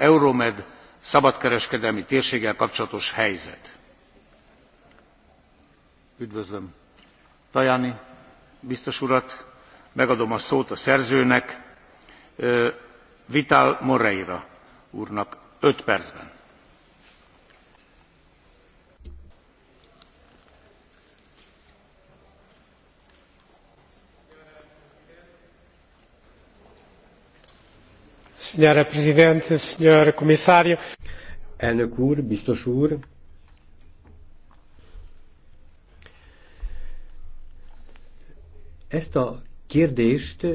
euromed szabadkereskedelmi térséggel kapcsolatos helyzet. üdvözlöm tajani biztos urat megadom a szót a szerzőnek vital moreira úrnak five percben. Senhora Presidente, Elnök úr, biztos úr. Ezt a kérdést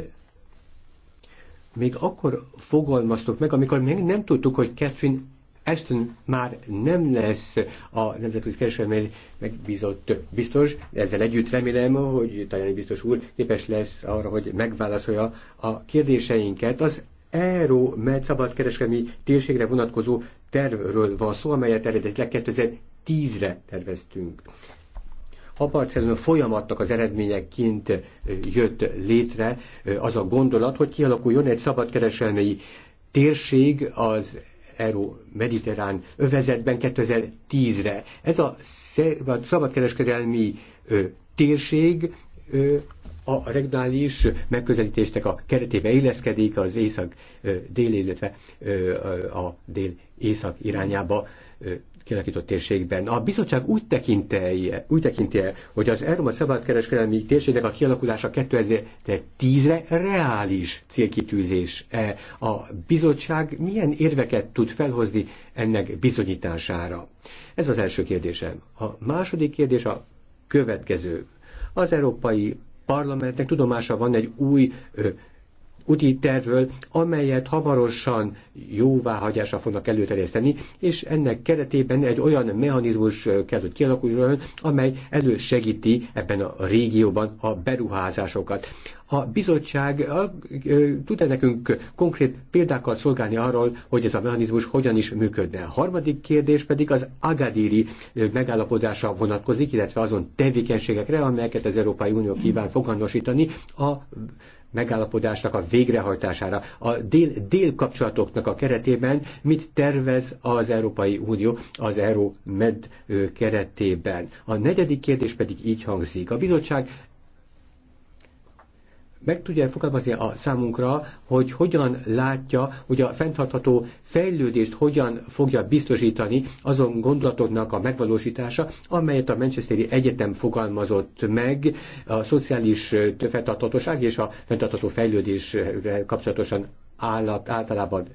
még akkor fogalmaztuk meg, amikor még nem tudtuk, hogy Catherine Ashton már nem lesz a Nemzetközi Kereskedelmi megbízott biztos, ezzel együtt remélem, hogy Tajani biztos úr képes lesz arra, hogy megválaszolja a kérdéseinket. Az euró med szabadkereskedelmi térségre vonatkozó tervről van szó, amelyet eredetileg 2010-re terveztünk. A Barcelona folyamatnak az eredményeként jött létre az a gondolat, hogy kialakuljon egy szabadkereskedelmi térség az euró-mediterrán övezetben 2010-re. Ez a szabadkereskedelmi térség a regionális megközelítésnek a keretébe illeszkedik az észak-dél, illetve a dél-észak irányába kialakított térségben. A bizottság úgy tekintelje, úgy tekintelje hogy az Európa szabadkereskedelmi térségnek a kialakulása 2010-re reális célkitűzés. A bizottság milyen érveket tud felhozni ennek bizonyítására? Ez az első kérdésem. A második kérdés a következő. Az Európai parlamentnek tudomása van egy új úti tervről, amelyet hamarosan jóváhagyásra fognak előterjeszteni, és ennek keretében egy olyan mechanizmus kell, hogy kialakuljon, amely elősegíti ebben a régióban a beruházásokat. A bizottság tud-e nekünk konkrét példákat szolgálni arról, hogy ez a mechanizmus hogyan is működne? A harmadik kérdés pedig az agadíri megállapodásra vonatkozik, illetve azon tevékenységekre, amelyeket az Európai Unió kíván foganosítani a megállapodásnak a végrehajtására, a dél-dél kapcsolatoknak a keretében mit tervez az Európai Unió az euró med keretében. A negyedik kérdés pedig így hangzik. A bizottság meg tudja fogalmazni a számunkra, hogy hogyan látja, hogy a fenntartható fejlődést hogyan fogja biztosítani azon gondolatoknak a megvalósítása, amelyet a Manchesteri Egyetem fogalmazott meg a szociális fenntarthatóság és a fenntartható fejlődés kapcsolatosan állat, általában,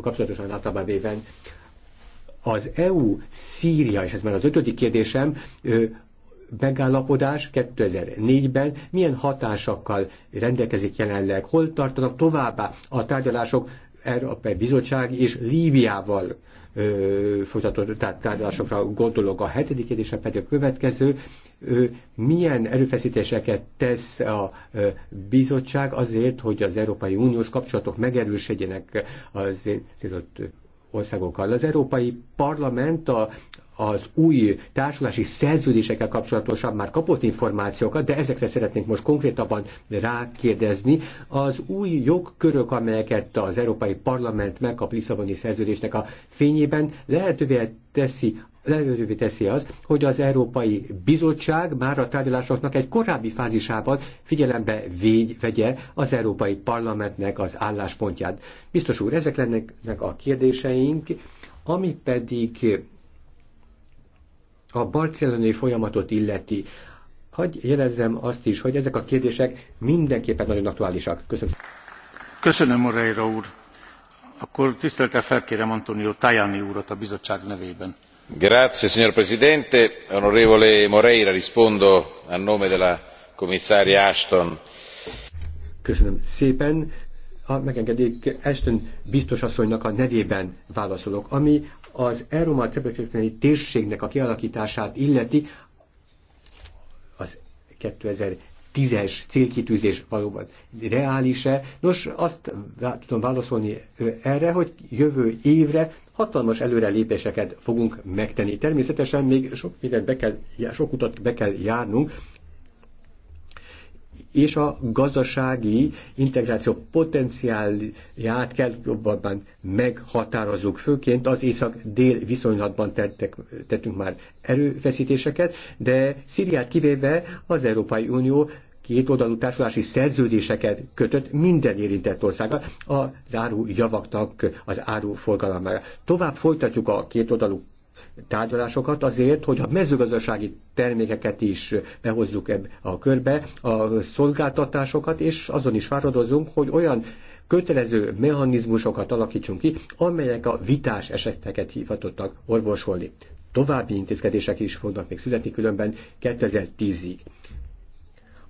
kapcsolatosan általában véven az EU Szíria, és ez már az ötödik kérdésem, megállapodás 2004-ben milyen hatásakkal rendelkezik jelenleg, hol tartanak továbbá a tárgyalások Európai Bizottság és Líbiával ö, folytatott tárgyalásokra gondolok. A hetedik kérdésre, pedig a következő, ö, milyen erőfeszítéseket tesz a ö, bizottság azért, hogy az Európai Uniós kapcsolatok megerősödjenek az szétott országokkal. Az Európai Parlament a, az új társulási szerződésekkel kapcsolatosan már kapott információkat, de ezekre szeretnénk most konkrétabban rákérdezni. Az új jogkörök, amelyeket az Európai Parlament megkap Lisszaboni szerződésnek a fényében lehetővé teszi lehetővé teszi az, hogy az Európai Bizottság már a tárgyalásoknak egy korábbi fázisában figyelembe végy, vegye az Európai Parlamentnek az álláspontját. Biztos úr, ezek lennek a kérdéseink, ami pedig a barcelonai folyamatot illeti, hagyj jelezzem azt is, hogy ezek a kérdések mindenképpen nagyon aktuálisak. Köszönöm. Köszönöm, Moreira úr. Akkor tiszteltel felkérem Antonio Tajani úrat a bizottság nevében. Grazie, signor Presidente. Onorevole Moreira, rispondo a nome della commissaria Ashton. Köszönöm szépen. Ha megengedik, Ashton biztos asszonynak a nevében válaszolok, ami az Euróma Cebekőtmeni térségnek a kialakítását illeti, az 2000 tízes célkitűzés valóban reális-e? Nos, azt tudom válaszolni erre, hogy jövő évre hatalmas előrelépéseket fogunk megtenni. Természetesen még sok mindent be kell, sok utat be kell járnunk, és a gazdasági integráció potenciálját kell jobban meghatározzuk. Főként az észak-dél viszonylatban tettek, tettünk már erőfeszítéseket, de Szíriát kivéve az Európai Unió két oldalú társulási szerződéseket kötött minden érintett országgal az áru javaknak az áru forgalmára. Tovább folytatjuk a két oldalú tárgyalásokat azért, hogy a mezőgazdasági termékeket is behozzuk ebbe a körbe, a szolgáltatásokat, és azon is fáradozunk, hogy olyan kötelező mechanizmusokat alakítsunk ki, amelyek a vitás eseteket hivatottak orvosolni. További intézkedések is fognak még születni különben 2010-ig.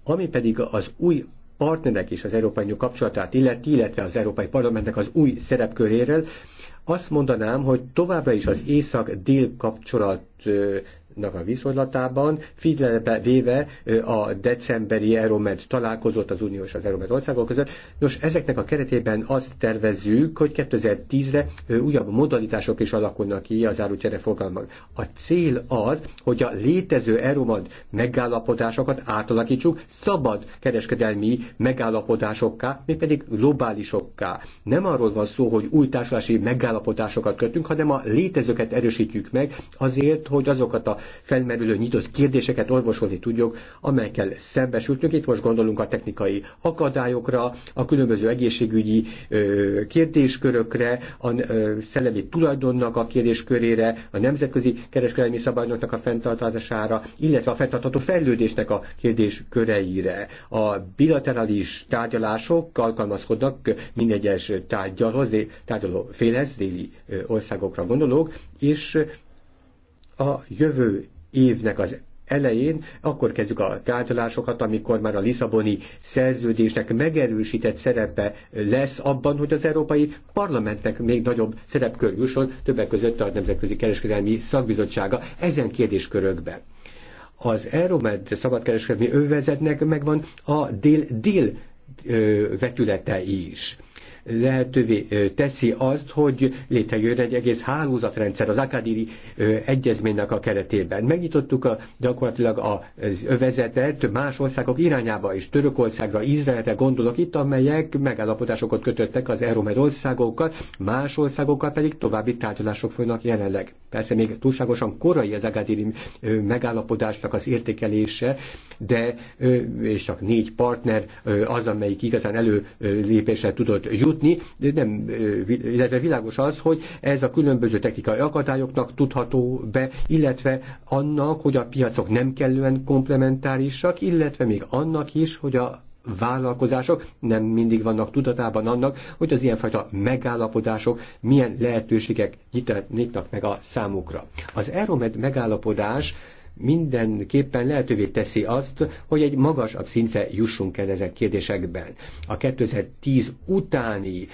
Ami pedig az új partnerek is az Európai Unió kapcsolatát illeti, illetve az Európai Parlamentnek az új szerepköréről, azt mondanám, hogy továbbra is az észak-dél kapcsolat a viszonylatában, figyelembe véve a decemberi Euromed találkozott az uniós és az Euromed országok között. Nos, ezeknek a keretében azt tervezzük, hogy 2010-re újabb modalitások is alakulnak ki az árucsere fogalmak. A cél az, hogy a létező Euromed megállapodásokat átalakítsuk szabad kereskedelmi megállapodásokká, mégpedig globálisokká. Nem arról van szó, hogy új társulási megállapodásokat kötünk, hanem a létezőket erősítjük meg azért, hogy azokat a felmerülő nyitott kérdéseket orvosolni tudjuk, amelyekkel szembesültünk. Itt most gondolunk a technikai akadályokra, a különböző egészségügyi kérdéskörökre, a szellemi tulajdonnak a kérdéskörére, a nemzetközi kereskedelmi szabályoknak a fenntartására, illetve a fenntartható fejlődésnek a kérdésköreire. A bilaterális tárgyalások alkalmazkodnak mindegyes tárgyalhoz, tárgyaló félhez, déli országokra gondolok, és a jövő évnek az elején, akkor kezdjük a tárgyalásokat, amikor már a Lisszaboni szerződésnek megerősített szerepe lesz abban, hogy az Európai Parlamentnek még nagyobb szerepkör jusson, többek között a Nemzetközi Kereskedelmi Szakbizottsága ezen kérdéskörökben az Euromed szabadkereskedelmi övezetnek megvan a dél-dél vetülete is lehetővé teszi azt, hogy létrejön egy egész hálózatrendszer az akadéri egyezménynek a keretében. Megnyitottuk a, gyakorlatilag az övezetet más országok irányába is, Törökországra, Izraelre gondolok itt, amelyek megállapodásokat kötöttek az Euromed országokkal, más országokkal pedig további tárgyalások folynak jelenleg. Persze még túlságosan korai az akadéri megállapodásnak az értékelése, de és csak négy partner az, amelyik igazán előlépésre tudott jutni, jutni, nem, illetve világos az, hogy ez a különböző technikai akadályoknak tudható be, illetve annak, hogy a piacok nem kellően komplementárisak, illetve még annak is, hogy a vállalkozások nem mindig vannak tudatában annak, hogy az ilyenfajta megállapodások milyen lehetőségek nyitnak meg a számukra. Az Euromed megállapodás mindenképpen lehetővé teszi azt, hogy egy magasabb szintre jussunk el ezek kérdésekben. A 2010 utáni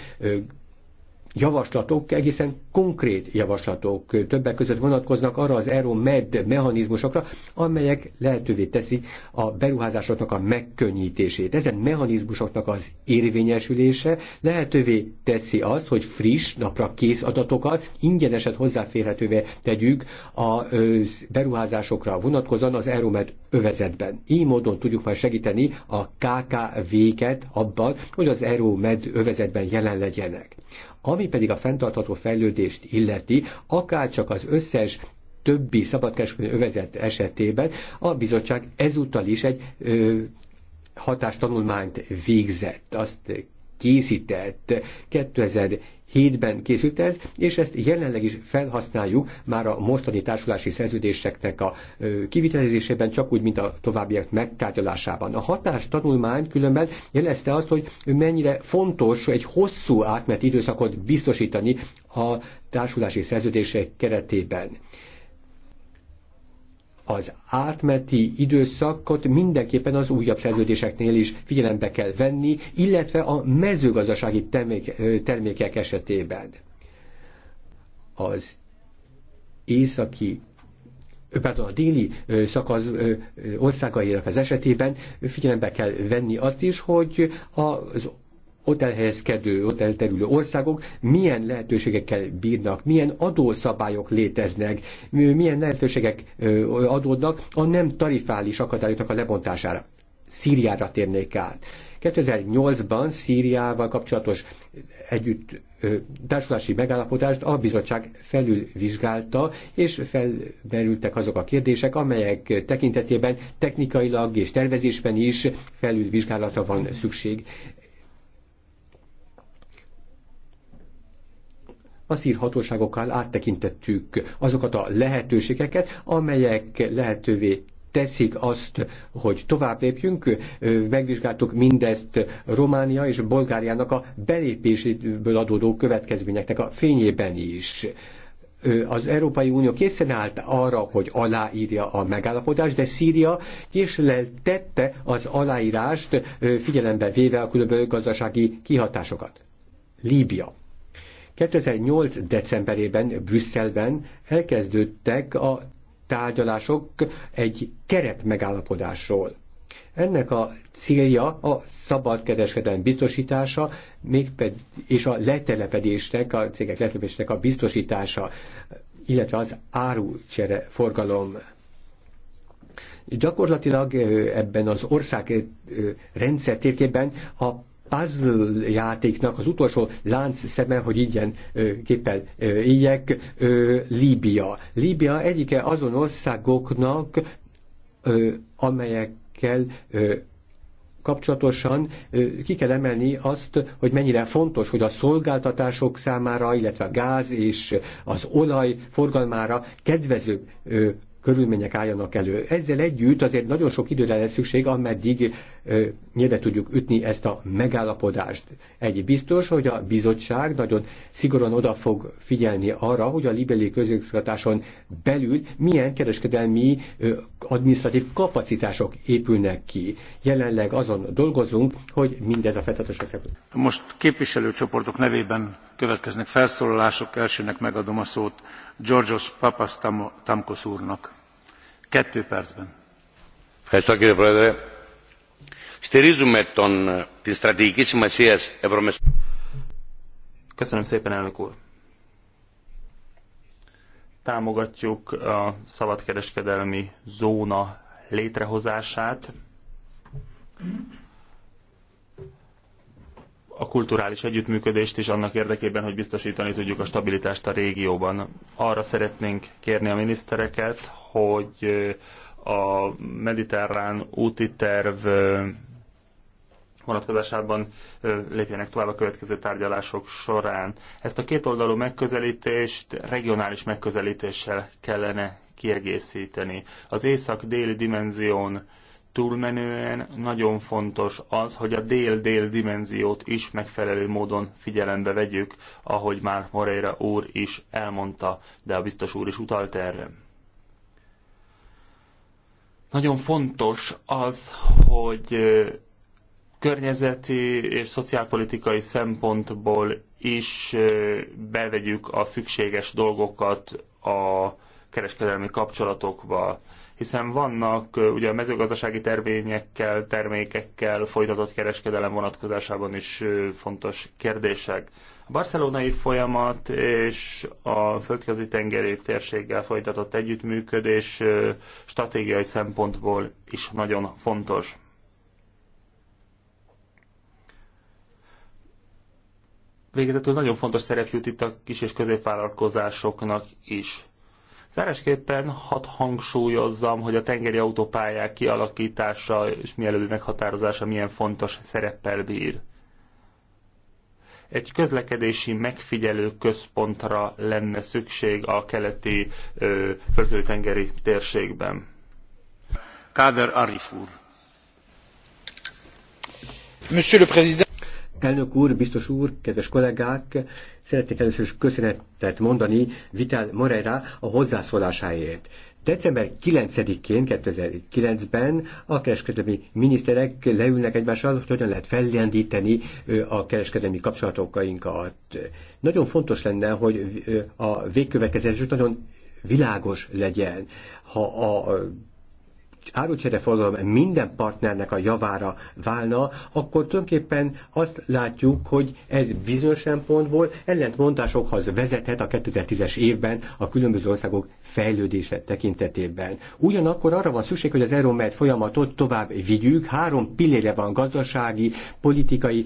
javaslatok, egészen konkrét javaslatok többek között vonatkoznak arra az Euromed mechanizmusokra, amelyek lehetővé teszik a beruházásoknak a megkönnyítését. Ezen mechanizmusoknak az érvényesülése lehetővé teszi azt, hogy friss, napra kész adatokat ingyeneset hozzáférhetővé tegyük a beruházásokra vonatkozóan az Euromed övezetben. Így módon tudjuk majd segíteni a KKV-ket abban, hogy az Euromed övezetben jelen legyenek. Ami pedig a fenntartható fejlődést illeti, akár csak az összes többi szabadkereskedelmi övezet esetében a bizottság ezúttal is egy ö, hatástanulmányt végzett. Azt készített 2000 2007-ben készült ez, és ezt jelenleg is felhasználjuk már a mostani társulási szerződéseknek a kivitelezésében, csak úgy, mint a továbbiak megtárgyalásában. A hatás tanulmány különben jelezte azt, hogy mennyire fontos egy hosszú átmeneti időszakot biztosítani a társulási szerződések keretében az átmeti időszakot mindenképpen az újabb szerződéseknél is figyelembe kell venni, illetve a mezőgazdasági termékek esetében. Az északi pardon, a déli szakasz országainak az esetében figyelembe kell venni azt is, hogy az ott elhelyezkedő, ott elterülő országok milyen lehetőségekkel bírnak, milyen adószabályok léteznek, milyen lehetőségek adódnak a nem tarifális akadályoknak a lebontására. Szíriára térnék át. 2008-ban Szíriával kapcsolatos együtt társulási megállapodást a bizottság felülvizsgálta, és felmerültek azok a kérdések, amelyek tekintetében technikailag és tervezésben is felülvizsgálata van szükség. az hatóságokkal áttekintettük azokat a lehetőségeket, amelyek lehetővé teszik azt, hogy tovább lépjünk. Megvizsgáltuk mindezt Románia és Bulgáriának a belépéséből adódó következményeknek a fényében is az Európai Unió készen állt arra, hogy aláírja a megállapodást, de Szíria késleltette az aláírást figyelembe véve a különböző gazdasági kihatásokat. Líbia. 2008. decemberében Brüsszelben elkezdődtek a tárgyalások egy keretmegállapodásról. Ennek a célja a szabadkereskedelem biztosítása, mégpedig, és a letelepedésnek, a cégek letelepedésnek a biztosítása, illetve az árucsere forgalom. Gyakorlatilag ebben az ország rendszer térkében a puzzle játéknak az utolsó lánc szeme, hogy ingyen képpel ígyek, Líbia. Líbia egyike azon országoknak, amelyekkel kapcsolatosan ki kell emelni azt, hogy mennyire fontos, hogy a szolgáltatások számára, illetve a gáz és az olaj forgalmára kedvező körülmények álljanak elő. Ezzel együtt azért nagyon sok időre lesz szükség, ameddig nyilván tudjuk ütni ezt a megállapodást. Egy biztos, hogy a bizottság nagyon szigorúan oda fog figyelni arra, hogy a libeli közigazgatáson belül milyen kereskedelmi administratív kapacitások épülnek ki. Jelenleg azon dolgozunk, hogy mindez a fetatos Most képviselőcsoportok nevében következnek felszólalások elsőnek megadom a szót georgios papastamkos úrnak. Kettő percben. Ευχαριστώ κύριε Πρόεδρε. Στηρίζουμε τον, στρατηγική σημασία Ευρωμεσογείου. Köszönöm szépen, elnök úr. Támogatjuk a szabadkereskedelmi zóna létrehozását a kulturális együttműködést is annak érdekében, hogy biztosítani tudjuk a stabilitást a régióban. Arra szeretnénk kérni a minisztereket, hogy a mediterrán úti terv vonatkozásában lépjenek tovább a következő tárgyalások során. Ezt a kétoldalú megközelítést regionális megközelítéssel kellene kiegészíteni. Az észak-déli dimenzión túlmenően nagyon fontos az, hogy a dél-dél dimenziót is megfelelő módon figyelembe vegyük, ahogy már Moreira úr is elmondta, de a biztos úr is utalt erre. Nagyon fontos az, hogy környezeti és szociálpolitikai szempontból is bevegyük a szükséges dolgokat a kereskedelmi kapcsolatokba hiszen vannak ugye a mezőgazdasági tervényekkel, termékekkel folytatott kereskedelem vonatkozásában is fontos kérdések. A barcelonai folyamat és a földközi tengeri térséggel folytatott együttműködés stratégiai szempontból is nagyon fontos. Végezetül nagyon fontos szerep jut itt a kis és középvállalkozásoknak is. Zárásképpen hat hangsúlyozzam, hogy a tengeri autópályák kialakítása és mielőbbi meghatározása milyen fontos szereppel bír. Egy közlekedési megfigyelő központra lenne szükség a keleti földközi-tengeri térségben. Káder Arif úr. Monsieur le Président. Elnök úr, biztos úr, kedves kollégák, szeretnék először is köszönetet mondani Vital Moreira a hozzászólásáért. December 9-én, 2009-ben a kereskedelmi miniszterek leülnek egymással, hogy hogyan lehet fellendíteni a kereskedelmi kapcsolatokainkat. Nagyon fontos lenne, hogy a végkövetkezés nagyon világos legyen. Ha a árucsereforgalom minden partnernek a javára válna, akkor tulajdonképpen azt látjuk, hogy ez bizonyos szempontból ellentmondásokhoz vezethet a 2010-es évben a különböző országok fejlődése tekintetében. Ugyanakkor arra van szükség, hogy az Euromed folyamatot tovább vigyük. Három pillére van gazdasági, politikai,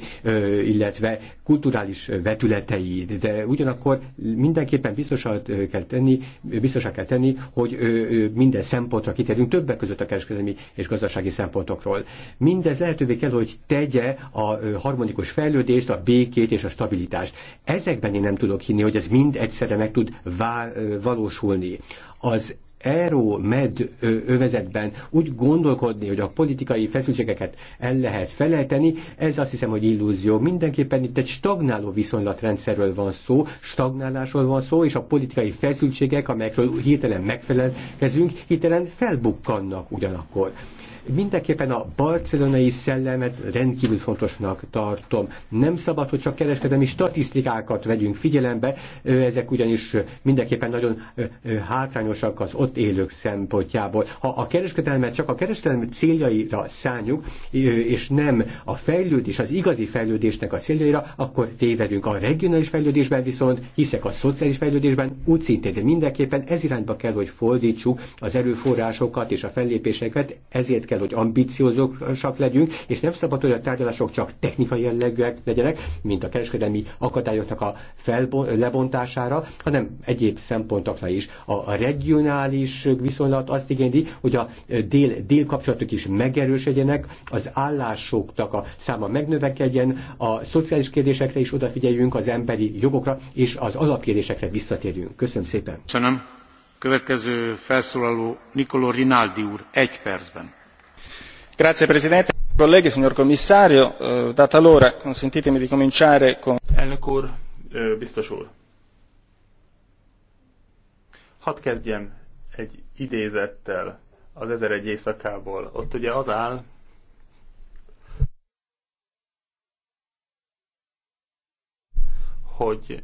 illetve kulturális vetületei, de ugyanakkor mindenképpen biztosat kell tenni, biztosá kell tenni, hogy minden szempontra kiterünk többek között a kereskedelmi és gazdasági szempontokról. Mindez lehetővé kell, hogy tegye a harmonikus fejlődést, a békét és a stabilitást. Ezekben én nem tudok hinni, hogy ez mind egyszerre meg tud vál, valósulni. Az Euró-med övezetben úgy gondolkodni, hogy a politikai feszültségeket el lehet felejteni, ez azt hiszem, hogy illúzió. Mindenképpen itt egy stagnáló viszonylatrendszerről van szó, stagnálásról van szó, és a politikai feszültségek, amelyekről hirtelen megfelelkezünk, hirtelen felbukkannak ugyanakkor. Mindenképpen a barcelonai szellemet rendkívül fontosnak tartom. Nem szabad, hogy csak kereskedelmi statisztikákat vegyünk figyelembe, ezek ugyanis mindenképpen nagyon hátrányosak az ott élők szempontjából. Ha a kereskedelmet csak a kereskedelmi céljaira szánjuk, és nem a fejlődés, az igazi fejlődésnek a céljaira, akkor tévedünk. A regionális fejlődésben viszont hiszek a szociális fejlődésben úgy szintén, de mindenképpen ez irányba kell, hogy fordítsuk az erőforrásokat és a fellépéseket, ezért kell, hogy ambiciózusak legyünk, és nem szabad, hogy a tárgyalások csak technikai jellegűek legyenek, mint a kereskedelmi akadályoknak a lebontására, hanem egyéb szempontokra is. A regionális viszonylat azt igényli, hogy a dél-dél kapcsolatok is megerősödjenek, az állásoknak a száma megnövekedjen, a szociális kérdésekre is odafigyeljünk, az emberi jogokra és az alapkérdésekre visszatérjünk. Köszönöm szépen. Köszönöm. Következő felszólaló Nicolò Rinaldi úr, egy percben signor presidente onorevoli colleghi signor commissario eh, data l'ora consentitemi di cominciare con. hadd kezdjem egy idézettel az egy éjszakából. Ott ugye az áll, hogy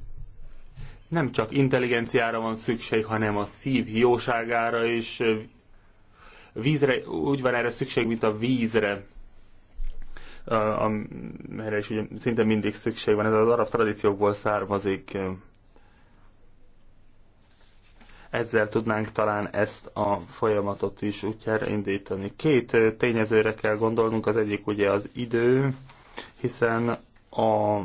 nem csak intelligenciára van szükség, hanem a szív jóságára is vízre, úgy van erre szükség, mint a vízre, amire is ugye szinte mindig szükség van, ez az arab tradíciókból származik. Ezzel tudnánk talán ezt a folyamatot is útjára indítani. Két tényezőre kell gondolnunk, az egyik ugye az idő, hiszen a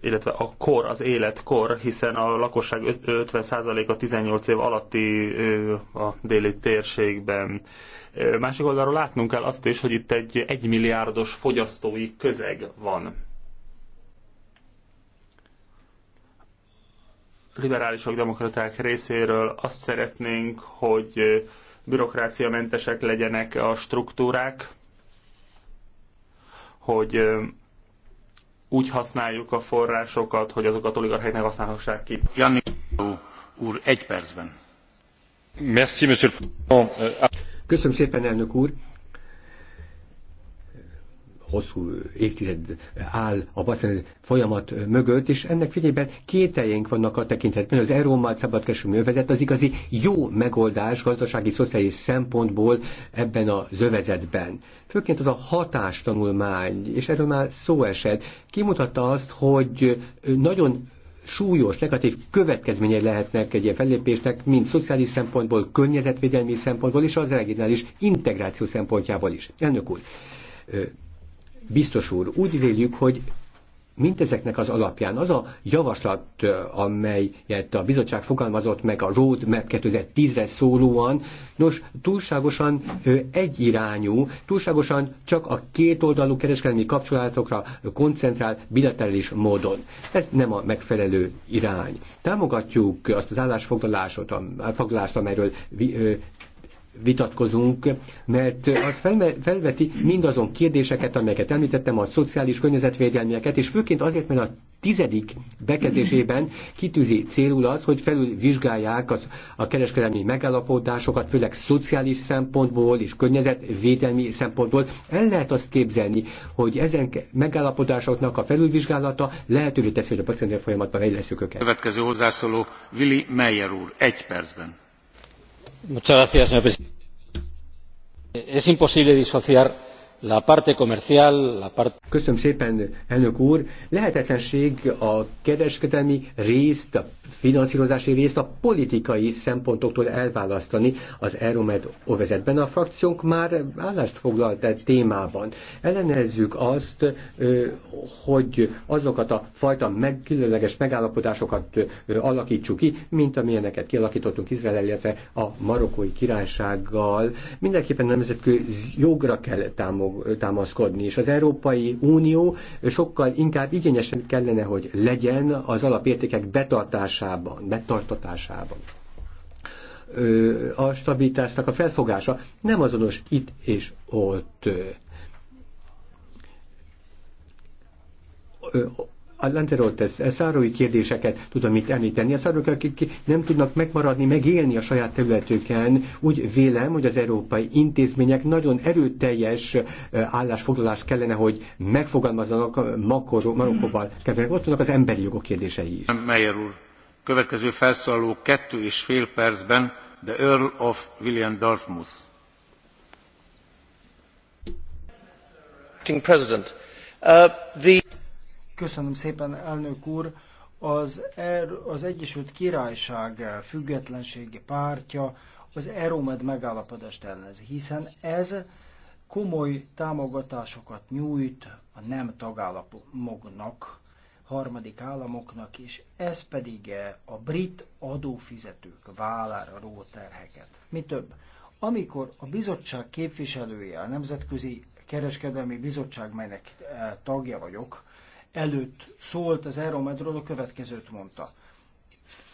illetve a kor, az életkor, hiszen a lakosság 50%-a 18 év alatti a déli térségben. Másik oldalról látnunk kell azt is, hogy itt egy egymilliárdos fogyasztói közeg van. Liberálisok, demokraták részéről azt szeretnénk, hogy bürokráciamentesek legyenek a struktúrák, hogy úgy használjuk a forrásokat, hogy azokat oligarchák ne használhassák ki. Janni úr, egy percben. Merci, monsieur Köszönöm szépen, elnök úr hosszú évtized áll a Bacenez folyamat mögött, és ennek fényében kételjeink vannak a tekintetben, az Eurómát szabadkereskedelmi övezet az igazi jó megoldás gazdasági, szociális szempontból ebben a zövezetben. Főként az a hatástanulmány, és erről már szó esett, kimutatta azt, hogy nagyon súlyos, negatív következményei lehetnek egy ilyen fellépésnek, mind szociális szempontból, környezetvédelmi szempontból, és az regionális integráció szempontjából is. Elnök úr, Biztos úr, úgy véljük, hogy mindezeknek az alapján az a javaslat, amelyet a bizottság fogalmazott meg a Roadmap 2010-re szólóan, nos, túlságosan egyirányú, túlságosan csak a kétoldalú kereskedelmi kapcsolatokra koncentrál bilaterális módon. Ez nem a megfelelő irány. Támogatjuk azt az állásfoglalást, amelyről vitatkozunk, mert az felveti mindazon kérdéseket, amelyeket említettem, a szociális környezetvédelmieket, és főként azért, mert a tizedik bekezdésében kitűzi célul az, hogy felülvizsgálják az, a kereskedelmi megállapodásokat, főleg szociális szempontból és környezetvédelmi szempontból. El lehet azt képzelni, hogy ezen megállapodásoknak a felülvizsgálata lehetővé teszi, hogy a pacientia folyamatban fejleszünk őket. Következő hozzászóló Willy Meyer úr, egy percben señor presidente es imposible disociar la parte comercial, la parte... Köszönöm szépen, elnök úr. Lehetetlenség a kereskedelmi részt, a finanszírozási részt a politikai szempontoktól elválasztani az Euromed övezetben. A frakciónk már állást foglalt a e témában. Ellenezzük azt, hogy azokat a fajta meg, különleges megállapodásokat alakítsuk ki, mint amilyeneket kialakítottunk Izrael, illetve a marokkói királysággal. Mindenképpen nemzetközi jogra kell támogatni támog, támaszkodni, és az Európai Unió sokkal inkább igényesen kellene, hogy legyen az alapértékek betartásában, betartatásában a stabilitásnak a felfogása nem azonos itt és ott. Lanteroltes szárói kérdéseket tudom itt említeni. A szárók, akik nem tudnak megmaradni, megélni a saját területüken, úgy vélem, hogy az európai intézmények nagyon erőteljes állásfoglalást kellene, hogy megfogalmazzanak Marokkóval. Ott vannak az emberi jogok kérdései is. Meyer úr, következő felszólaló kettő és fél percben the Earl of William Dartmouth. President, uh, the Köszönöm szépen, elnök úr. Az, er, az Egyesült Királyság függetlenségi pártja az Eromed megállapodást ellenzi, hiszen ez komoly támogatásokat nyújt a nem tagállamoknak, harmadik államoknak, és ez pedig -e a brit adófizetők vállára ró terheket. Mi több, amikor a bizottság képviselője, a Nemzetközi Kereskedelmi Bizottság, melynek eh, tagja vagyok, előtt szólt az Euromadról, a következőt mondta.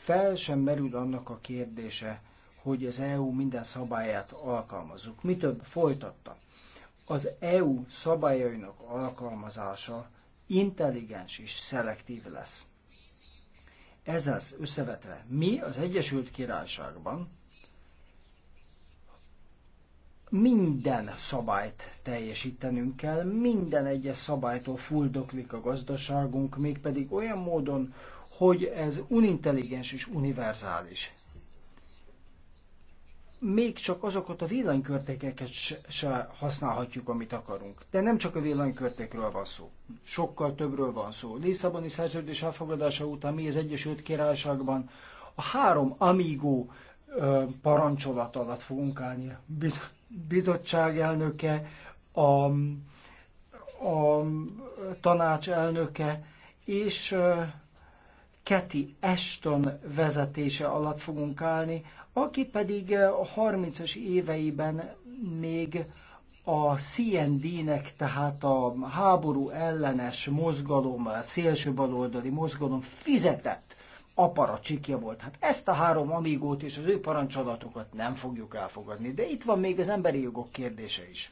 Fel sem merül annak a kérdése, hogy az EU minden szabályát alkalmazzuk. Mi több, folytatta. Az EU szabályainak alkalmazása intelligens és szelektív lesz. Ez az összevetve mi az Egyesült Királyságban minden szabályt teljesítenünk kell, minden egyes szabálytól fuldoklik a gazdaságunk, mégpedig olyan módon, hogy ez unintelligens és univerzális. Még csak azokat a villanykörtékeket se használhatjuk, amit akarunk. De nem csak a villanykörtékről van szó. Sokkal többről van szó. Lisszaboni szerződés elfogadása után mi az Egyesült Királyságban a három amigó parancsolat alatt fogunk állni. Bizottság elnöke, a, a tanács elnöke és Keti Ashton vezetése alatt fogunk állni, aki pedig a 30-as éveiben még a CND-nek, tehát a háború ellenes mozgalom, a szélső baloldali mozgalom fizetett aparacsikja volt. Hát ezt a három amígót és az ő parancsolatokat nem fogjuk elfogadni. De itt van még az emberi jogok kérdése is.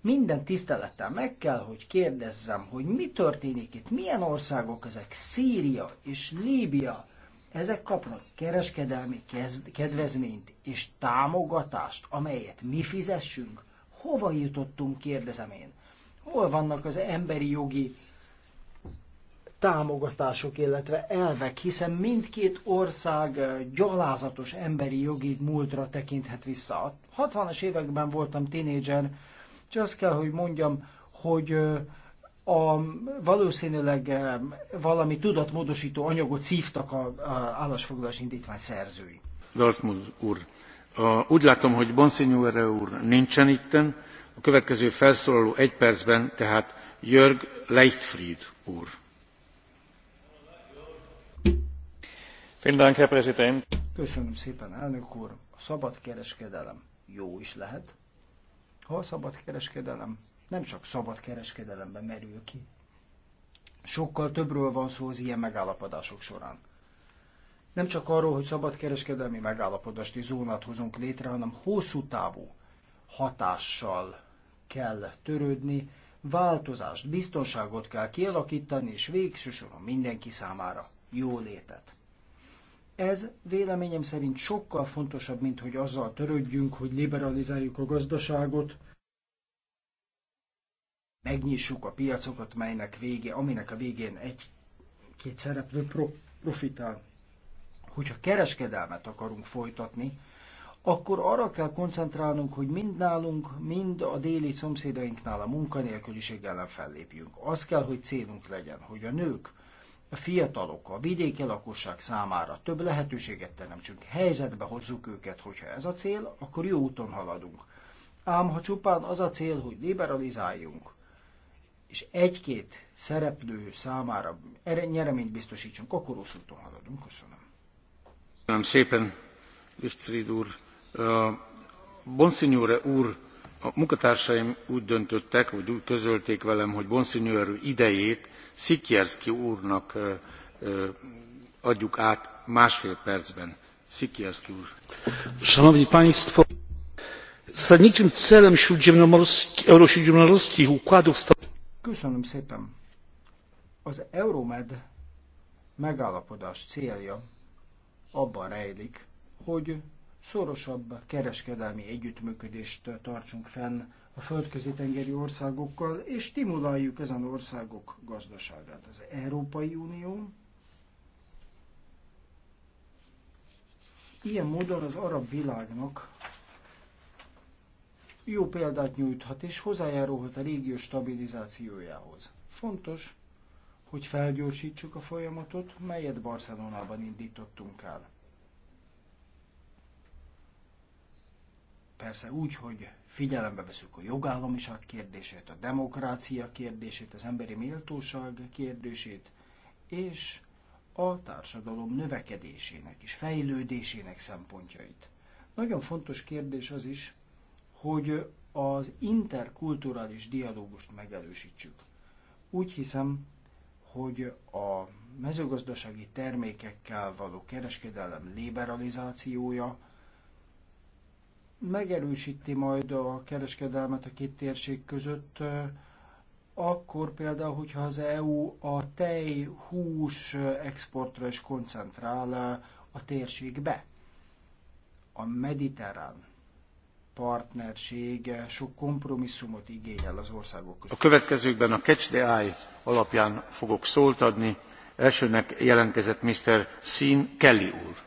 Minden tisztelettel meg kell, hogy kérdezzem, hogy mi történik itt, milyen országok ezek, Szíria és Líbia, ezek kapnak kereskedelmi kedvezményt és támogatást, amelyet mi fizessünk? Hova jutottunk, kérdezem én? Hol vannak az emberi jogi támogatások, illetve elvek, hiszen mindkét ország gyalázatos emberi jogi múltra tekinthet vissza. 60-as években voltam tinédzser, és azt kell, hogy mondjam, hogy a, valószínűleg valami tudatmódosító anyagot szívtak a, a állásfoglalás indítvány szerzői. Dartmouth úr, a, úgy látom, hogy Bonsignore úr nincsen itten, a következő felszólaló egy percben, tehát Jörg Leichtfried úr. Köszönöm szépen, elnök úr. A szabad kereskedelem jó is lehet, ha a szabad kereskedelem nem csak szabad kereskedelemben merül ki. Sokkal többről van szó az ilyen megállapodások során. Nem csak arról, hogy szabad kereskedelmi megállapodást és zónát hozunk létre, hanem hosszú távú hatással kell törődni, változást, biztonságot kell kialakítani, és végső soron mindenki számára jólétet. Ez véleményem szerint sokkal fontosabb, mint hogy azzal törődjünk, hogy liberalizáljuk a gazdaságot, megnyissuk a piacokat, melynek vége, aminek a végén egy-két szereplő pro, profitál. Hogyha kereskedelmet akarunk folytatni, akkor arra kell koncentrálnunk, hogy mind nálunk, mind a déli szomszédainknál a munkanélküliség ellen fellépjünk. Az kell, hogy célunk legyen, hogy a nők, a fiatalok, a vidéki lakosság számára több lehetőséget teremtsünk, helyzetbe hozzuk őket, hogyha ez a cél, akkor jó úton haladunk. Ám ha csupán az a cél, hogy liberalizáljunk, és egy-két szereplő számára nyereményt biztosítsunk, akkor rossz úton haladunk. Köszönöm. Köszönöm szépen, Lichtfried úr. Uh, Bonsignore úr, a munkatársaim úgy döntöttek vagy úgy közölték velem hogy monsignor idejét siekierski úrnak adjuk át másfél percben. siekierski úr. zasadniczym celem eurośródziemnomorskich układów Köszönöm szépen. Az Euromed megállapodás célja abban rejlik, hogy szorosabb kereskedelmi együttműködést tartsunk fenn a földközi tengeri országokkal, és stimuláljuk ezen országok gazdaságát. Az Európai Unió ilyen módon az arab világnak jó példát nyújthat és hozzájárulhat a régió stabilizációjához. Fontos, hogy felgyorsítsuk a folyamatot, melyet Barcelonában indítottunk el. persze úgy, hogy figyelembe veszük a jogállamiság kérdését, a demokrácia kérdését, az emberi méltóság kérdését, és a társadalom növekedésének és fejlődésének szempontjait. Nagyon fontos kérdés az is, hogy az interkulturális dialógust megelősítsük. Úgy hiszem, hogy a mezőgazdasági termékekkel való kereskedelem liberalizációja megerősíti majd a kereskedelmet a két térség között, eh, akkor például, hogyha az EU a tej, hús exportra is koncentrál eh, a térségbe. A mediterrán partnerség eh, sok kompromisszumot igényel az országok között. A következőkben a Catch the Eye alapján fogok szólt adni. Elsőnek jelentkezett Mr. Sean Kelly úr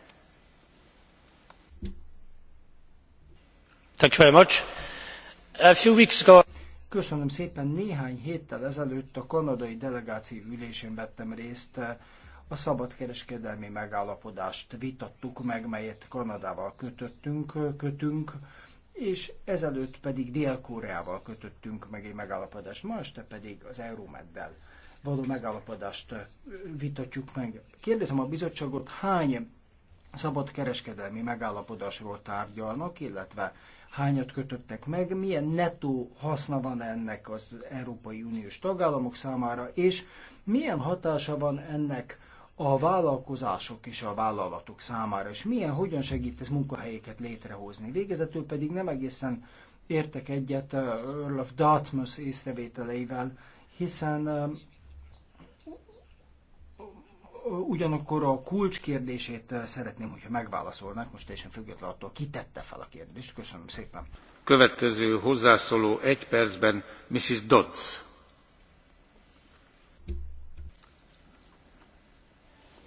Köszönöm szépen. Néhány héttel ezelőtt a kanadai delegáció ülésén vettem részt. A szabadkereskedelmi megállapodást vitattuk meg, melyet Kanadával kötöttünk, kötünk, és ezelőtt pedig Dél-Koreával kötöttünk meg egy megállapodást, ma este pedig az Euromeddel való megállapodást vitatjuk meg. Kérdezem a bizottságot, hány szabadkereskedelmi megállapodásról tárgyalnak, illetve hányat kötöttek meg, milyen nettó haszna van ennek az Európai Uniós tagállamok számára, és milyen hatása van ennek a vállalkozások és a vállalatok számára, és milyen, hogyan segít ez munkahelyeket létrehozni. Végezetül pedig nem egészen értek egyet uh, Earl of Dartmouth észrevételeivel, hiszen um, ugyanakkor a kulcskérdését eh, szeretném, hogyha megválaszolnák, most teljesen függetlenül attól, ki tette fel a kérdést. Köszönöm szépen. Következő hozzászóló egy percben Mrs. Dodds.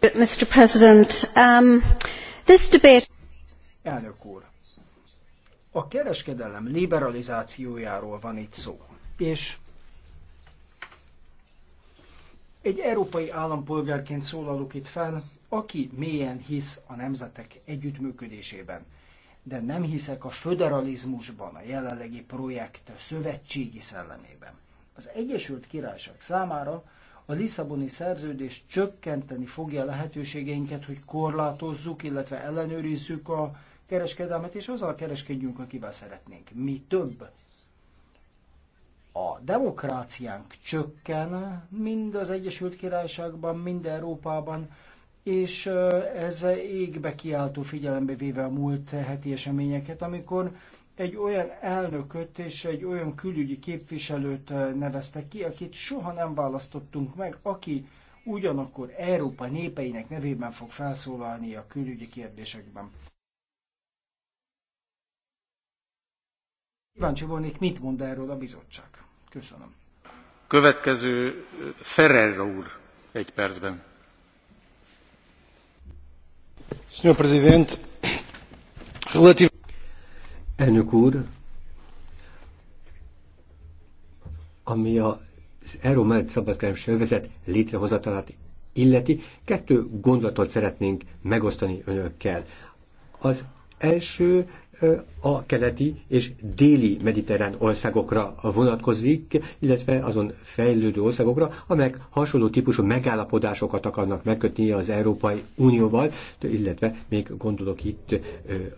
Mr. President, um, this debate... Elnök úr, a kereskedelem liberalizációjáról van itt szó, és egy európai állampolgárként szólalok itt fel, aki mélyen hisz a nemzetek együttműködésében, de nem hiszek a föderalizmusban, a jelenlegi projekt szövetségi szellemében. Az Egyesült Királyság számára a Lisszaboni szerződés csökkenteni fogja lehetőségeinket, hogy korlátozzuk, illetve ellenőrizzük a kereskedelmet, és azzal kereskedjünk, akivel szeretnénk. Mi több a demokráciánk csökken, mind az Egyesült Királyságban, mind Európában, és ez égbe kiáltó figyelembe véve a múlt heti eseményeket, amikor egy olyan elnököt és egy olyan külügyi képviselőt neveztek ki, akit soha nem választottunk meg, aki ugyanakkor Európa népeinek nevében fog felszólalni a külügyi kérdésekben. Kíváncsi volnék, mit mond erről a bizottság. Köszönöm. Következő Ferrer úr, egy percben. Senhor Presidente, relativ... Elnök úr, ami az Euromelt szabadkereskedelmi övezet létrehozatalát illeti, kettő gondolatot szeretnénk megosztani önökkel. Az első a keleti és déli mediterrán országokra vonatkozik, illetve azon fejlődő országokra, amelyek hasonló típusú megállapodásokat akarnak megkötni az Európai Unióval, illetve még gondolok itt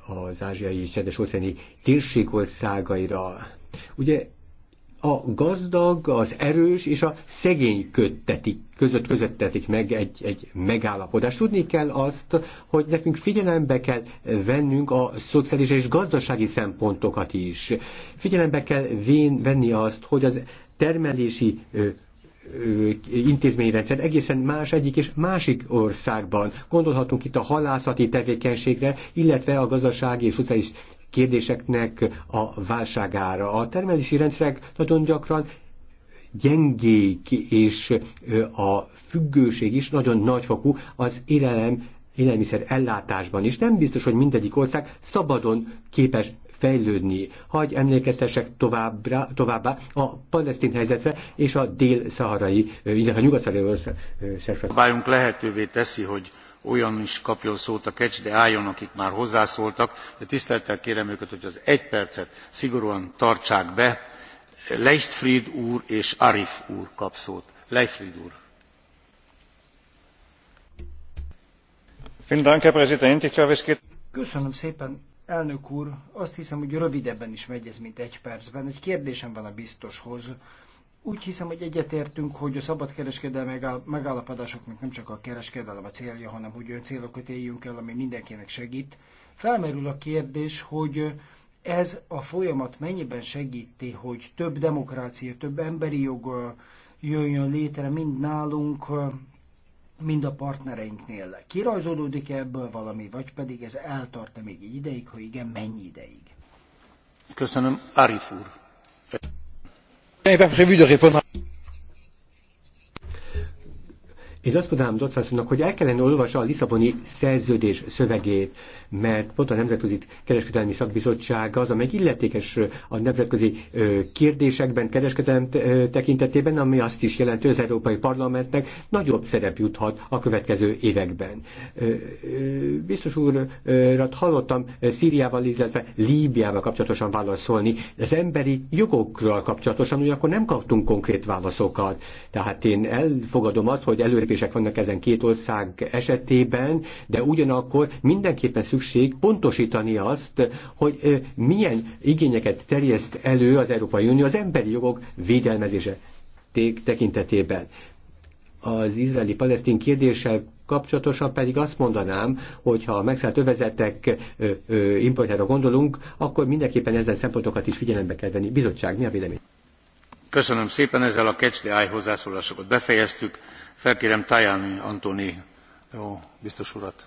az ázsiai és csendes óceáni térség országaira. Ugye a gazdag, az erős és a szegény köttetik, között közöttetik meg egy, egy megállapodást. Tudni kell azt, hogy nekünk figyelembe kell vennünk a szociális és gazdasági szempontokat is. Figyelembe kell vén, venni azt, hogy az termelési ö, intézményrendszer egészen más egyik és másik országban. Gondolhatunk itt a halászati tevékenységre, illetve a gazdasági és szociális kérdéseknek a válságára. A termelési rendszerek nagyon gyakran gyengék, és a függőség is nagyon nagyfokú az élelem, élelmiszer ellátásban is. Nem biztos, hogy mindegyik ország szabadon képes fejlődni. Hagy emlékeztessek továbbra, továbbá a palesztin helyzetre és a dél-szaharai, illetve a nyugat-szaharai Bájunk lehetővé teszi, hogy olyan is kapjon szót a catch de álljon akik már hozzászóltak de tisztelettel kérem őket hogy az egy percet szigorúan tartsák be. leichtfried úr és arif úr kap szót. leichtfried úr. Köszönöm szépen, elnök úr. Azt hiszem, hogy rövidebben is megy ez, mint egy percben. Egy kérdésem van a biztoshoz úgy hiszem, hogy egyetértünk, hogy a szabad kereskedelmi megállapodásoknak nem csak a kereskedelem a célja, hanem hogy olyan célokat éljünk el, ami mindenkinek segít. Felmerül a kérdés, hogy ez a folyamat mennyiben segíti, hogy több demokrácia, több emberi jog jöjjön létre mind nálunk, mind a partnereinknél. Kirajzolódik -e ebből valami, vagy pedig ez eltart -e még egy ideig, ha igen, mennyi ideig? Köszönöm, Arif úr je n'avais pas prévu de répondre én azt mondanám Docsászónak, hogy el kellene olvasni a Lisszaboni szerződés szövegét, mert pont a Nemzetközi Kereskedelmi Szakbizottság az, amely illetékes a nemzetközi kérdésekben, kereskedelem tekintetében, ami azt is jelenti, hogy az Európai Parlamentnek nagyobb szerep juthat a következő években. Biztos úrat hallottam Szíriával, illetve Líbiával kapcsolatosan válaszolni. Az emberi jogokról kapcsolatosan ugyanakkor nem kaptunk konkrét válaszokat. Tehát én elfogadom azt, hogy előre lépések vannak ezen két ország esetében, de ugyanakkor mindenképpen szükség pontosítani azt, hogy milyen igényeket terjeszt elő az Európai Unió az emberi jogok védelmezése tekintetében. Az izraeli-palesztin kérdéssel kapcsolatosan pedig azt mondanám, hogy ha a megszállt övezetek importjára gondolunk, akkor mindenképpen ezen szempontokat is figyelembe kell venni. Bizottság, mi a vélemény? köszönöm szépen ezzel a catch the eye hozzászólásokat befejeztük felkérem tajani antoni biztos urat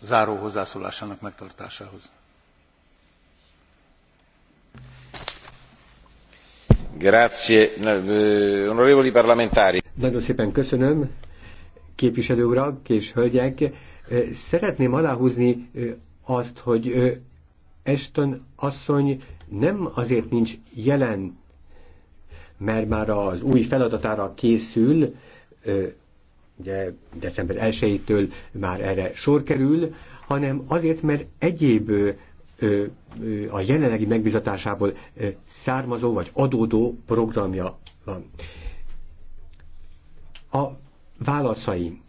záró hozzászólásának megtartásához. nagyon szépen köszönöm képviselő urak és hölgyek szeretném aláhúzni azt hogy ashton asszony nem azért nincs jelen mert már az új feladatára készül, ugye december 1-től már erre sor kerül, hanem azért, mert egyéb a jelenlegi megbizatásából származó vagy adódó programja van. A válaszaim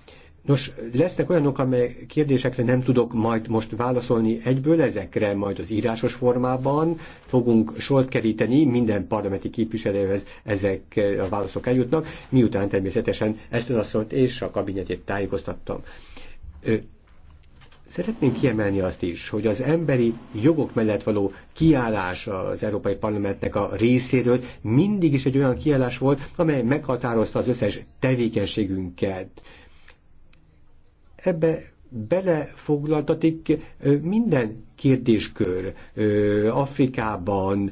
Nos, lesznek olyanok, amely kérdésekre nem tudok majd most válaszolni egyből, ezekre majd az írásos formában fogunk sort keríteni, minden parlamenti képviselőhez ezek a válaszok eljutnak, miután természetesen Eston asszonyt és a kabinetét tájékoztattam. Szeretném kiemelni azt is, hogy az emberi jogok mellett való kiállás az Európai Parlamentnek a részéről mindig is egy olyan kiállás volt, amely meghatározta az összes tevékenységünket ebbe belefoglaltatik minden kérdéskör. Afrikában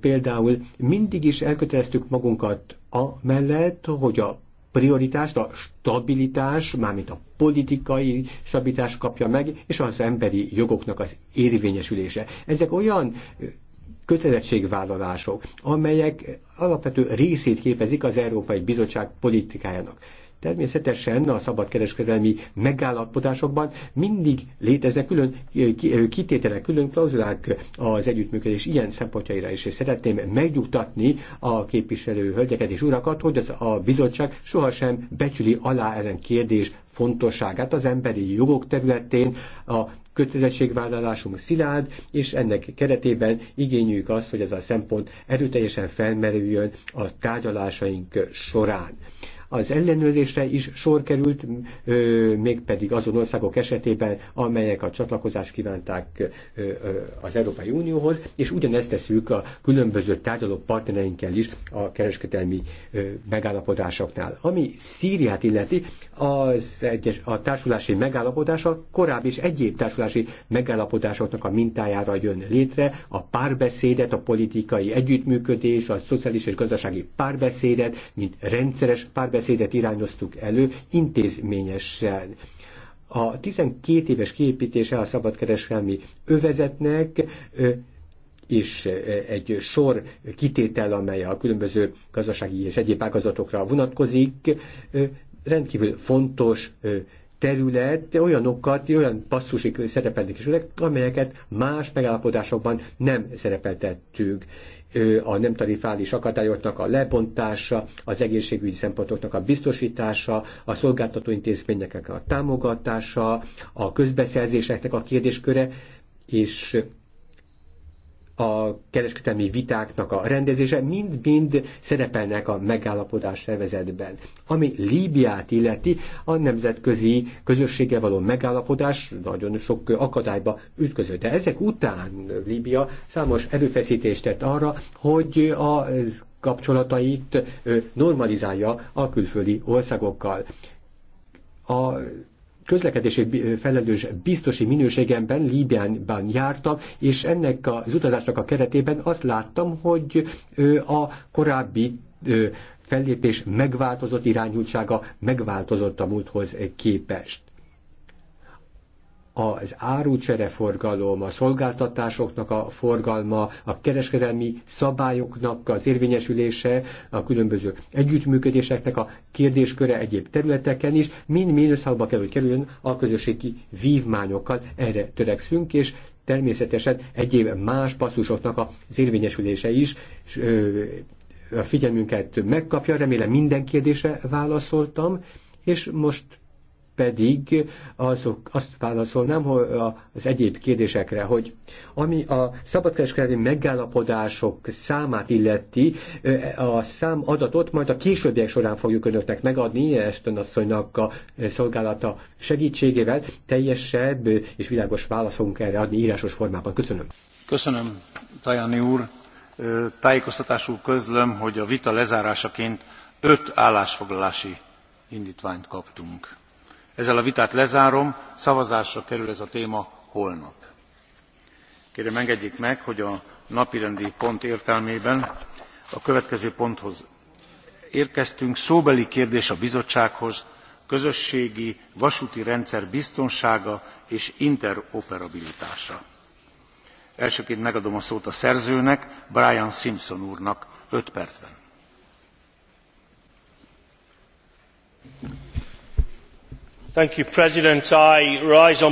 például mindig is elköteleztük magunkat amellett, hogy a prioritást, a stabilitás, mármint a politikai stabilitás kapja meg, és az emberi jogoknak az érvényesülése. Ezek olyan kötelezettségvállalások, amelyek alapvető részét képezik az Európai Bizottság politikájának. Természetesen a szabadkereskedelmi megállapodásokban mindig léteznek külön kitételek, külön klauzulák az együttműködés ilyen szempontjaira is, és szeretném megnyugtatni a képviselő hölgyeket és urakat, hogy az a bizottság sohasem becsüli alá ezen kérdés fontosságát az emberi jogok területén, a kötelezettségvállalásunk szilárd, és ennek keretében igényük azt, hogy ez a szempont erőteljesen felmerüljön a tárgyalásaink során az ellenőrzésre is sor került, mégpedig azon országok esetében, amelyek a csatlakozást kívánták az Európai Unióhoz, és ugyanezt teszük a különböző tárgyaló partnereinkkel is a kereskedelmi megállapodásoknál. Ami Szíriát illeti, az egyes, a társulási megállapodása korábbi és egyéb társulási megállapodásoknak a mintájára jön létre, a párbeszédet, a politikai együttműködés, a szociális és gazdasági párbeszédet, mint rendszeres párbeszédet, párbeszédet irányoztuk elő intézményesen. A 12 éves kiépítése a szabadkereskedelmi övezetnek és egy sor kitétel, amely a különböző gazdasági és egyéb ágazatokra vonatkozik, rendkívül fontos terület olyanokat, olyan passzusik szerepelnek is, amelyeket más megállapodásokban nem szerepeltettünk a nem tarifális akadályoknak a lebontása, az egészségügyi szempontoknak a biztosítása, a szolgáltató intézményeknek a támogatása, a közbeszerzéseknek a kérdésköre, és a kereskedelmi vitáknak a rendezése mind-mind szerepelnek a megállapodás szervezetben. Ami Líbiát illeti, a nemzetközi közössége való megállapodás nagyon sok akadályba ütközött. De ezek után Líbia számos erőfeszítést tett arra, hogy a kapcsolatait normalizálja a külföldi országokkal. A közlekedési felelős biztosi minőségemben Líbiánban jártam, és ennek az utazásnak a keretében azt láttam, hogy a korábbi fellépés megváltozott irányultsága, megváltozott a múlthoz képest az árucsereforgalom, a szolgáltatásoknak a forgalma, a kereskedelmi szabályoknak az érvényesülése, a különböző együttműködéseknek a kérdésköre egyéb területeken is, mind-mind összhangba kell, hogy kerüljön a közösségi vívmányokkal. Erre törekszünk, és természetesen egyéb más passzusoknak az érvényesülése is a figyelmünket megkapja. Remélem minden kérdésre válaszoltam, és most pedig azok, azt válaszolnám hogy az egyéb kérdésekre, hogy ami a szabadkereskedelmi megállapodások számát illeti, a szám adatot majd a későbbiek során fogjuk önöknek megadni, Eston asszonynak a szolgálata segítségével teljesebb és világos válaszunk erre adni írásos formában. Köszönöm. Köszönöm, Tajani úr. Tájékoztatásul közlöm, hogy a vita lezárásaként öt állásfoglalási indítványt kaptunk ezzel a vitát lezárom szavazásra kerül ez a téma holnap. kérem engedjék meg hogy a napirendi pont értelmében a következő ponthoz érkeztünk szóbeli kérdés a bizottsághoz közösségi vasúti rendszer biztonsága és interoperabilitása. elsőként megadom a szót a szerzőnek brian simpson úrnak öt percben. Thank you, President. I rise on